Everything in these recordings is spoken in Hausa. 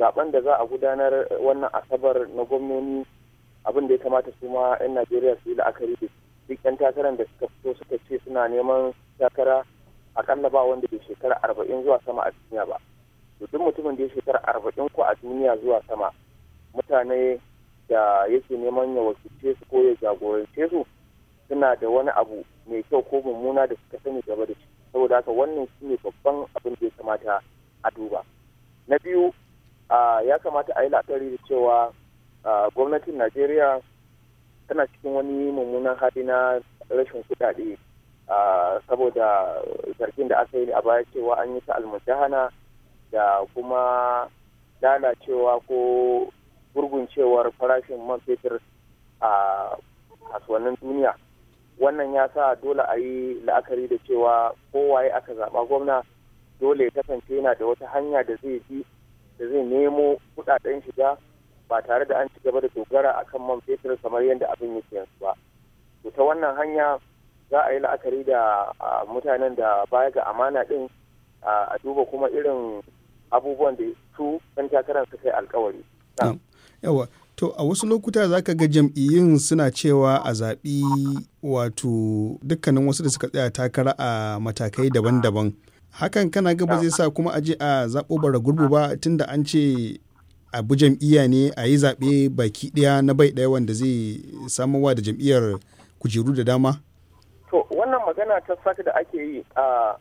zaben da za a gudanar eh, wannan asabar na gwamnoni abin da ya kamata su ma 'yan najeriya su yi la'akari da duk 'yan takarar da suka fito suka ce suna neman takara akalla ba wanda bai shekara arba'in zuwa sama a duniya ba to duk mutumin da ya shekara arba'in ko a duniya zuwa sama mutane da yake neman ya wakilce su ko ya jagorance su suna da wani abu mai kyau ko mummuna da suka sani gaba da shi saboda haka wannan shine babban abin da ya kamata a duba na biyu Ah, ya kamata a yi la'akari da cewa ah, gwamnatin najeriya tana cikin wani mummunan hali na rashin kudade ah, saboda zargin da aka yi a baya cewa an yi ta almujahana da kuma lalacewa ko gurguncewar farashin man fetur a kasuwannin duniya wannan ya sa dole a yi la'akari da cewa kowaye aka zaba gwamna dole ya kasance yana da wata hanya da zai bi da zai nemo kudaden shiga ba tare da an ci gaba da dogara akan man fetur kamar yadda abin yake yanzu ba to ta wannan hanya za a yi la'akari da mutanen da baya ga amana din a duba kuma irin abubuwan da su kan takarar su kai alkawari. yawa to a wasu lokuta za ka ga jam'iyyun suna cewa a zaɓi wato dukkanin wasu da suka tsaya takara a matakai daban-daban hakan kana gaba zai sa kuma aje a zaɓo bara gurbu ba tunda an ce abu jam'iyya ne a yi zaɓe baki ɗaya na bai ɗaya wanda zai samarwa da jam'iyyar kujeru da dama? To wannan magana ta sata da ake yi a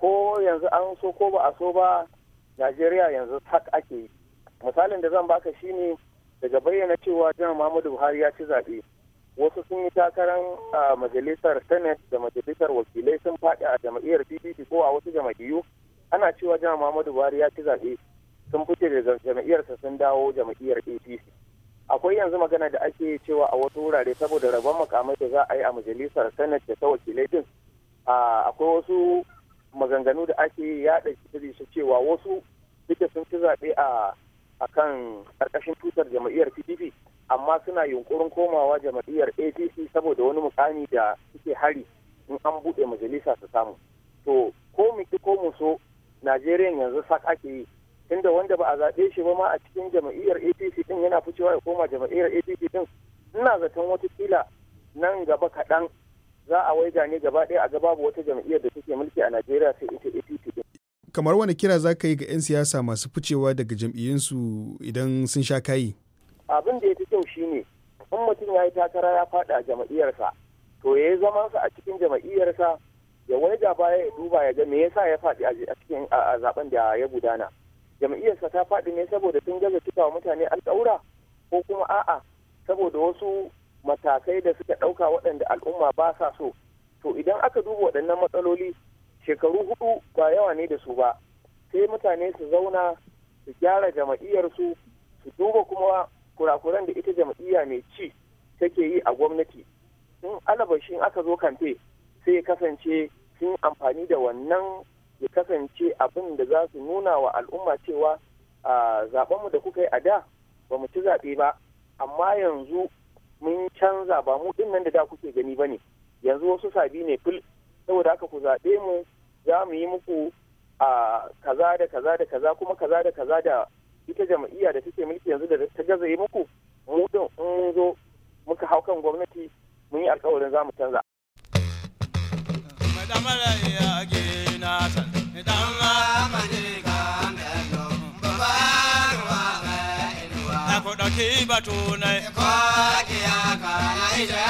ko yanzu an so ko ba a so ba Najeriya yanzu sak ake yi. Misalin da zan baka shine daga bayyana cewa Jan Muhammadu Buhari ya ci zaɓe. wasu sun yi takarar a majalisar senate da majalisar wakilai sun faɗi a jam'iyyar pdp ko a wasu jam'iyyu ana cewa jama muhammadu buhari ya ci zaɓe sun fice da jam'iyyarsa sun dawo jam'iyyar apc akwai yanzu magana da ake cewa a wasu wurare saboda rabon makamai da za a yi a majalisar senate da ta wakilai din akwai wasu maganganu da ake yaɗa su cewa wasu duka sun ci zaɓe a kan ƙarƙashin tutar jam'iyyar pdp amma suna yunkurin komawa jam'iyyar apc saboda wani mukami da suke hari in an buɗe majalisa su samu to ko mu ki ko mu so najeriya yanzu sak ake yi tunda wanda ba a zaɓe shi ba ma a cikin jam'iyyar apc ɗin yana ficewa ya koma jam'iyyar apc ɗin ina zaton wata kila nan gaba kaɗan za a waiga ne gaba ɗaya a gaba wata jam'iyyar da take mulki a najeriya sai ita apc din kamar wani kira za ka yi ga 'yan siyasa masu ficewa daga jam'iyyunsu idan sun sha kayi abin da ya fi kyau shine in mutum ya yi takara ya faɗa jama'iyyarsa to ya yi sa a cikin jama'iyyarsa ya da baya ya duba ya ga me yasa ya faɗi a cikin zaben da ya gudana jam'iyyarsa ta faɗi ne saboda sun gaza cika wa mutane alƙawura ko kuma a'a saboda wasu matakai da suka ɗauka waɗanda al'umma ba sa so to idan aka duba waɗannan matsaloli shekaru hudu ba yawa ne da su ba sai mutane su zauna su gyara jama'iyyarsu su duba kuma kurakuran da ita jam'iyya mai ci take yi a gwamnati in alabashin aka zo kamfe sai ya kasance sun amfani da wannan ya kasance abin da za su nuna wa al'umma cewa a zaɓenmu da kuka yi a da ba mu ci zaɓe ba amma yanzu mun canza ba mu ɗin nan da da kuke gani ba ne yanzu wasu sabi ne fil saboda haka ku zaɓe mu za mu yi muku a kaza da kaza da kaza kuma kaza da kaza da ita jam'iyya da take mulki yanzu da ta gaza yi muku mu din mun zo muka hau kan gwamnati mun yi alkawarin za mu canza. Ku ɗauki batu ya Ko ki haka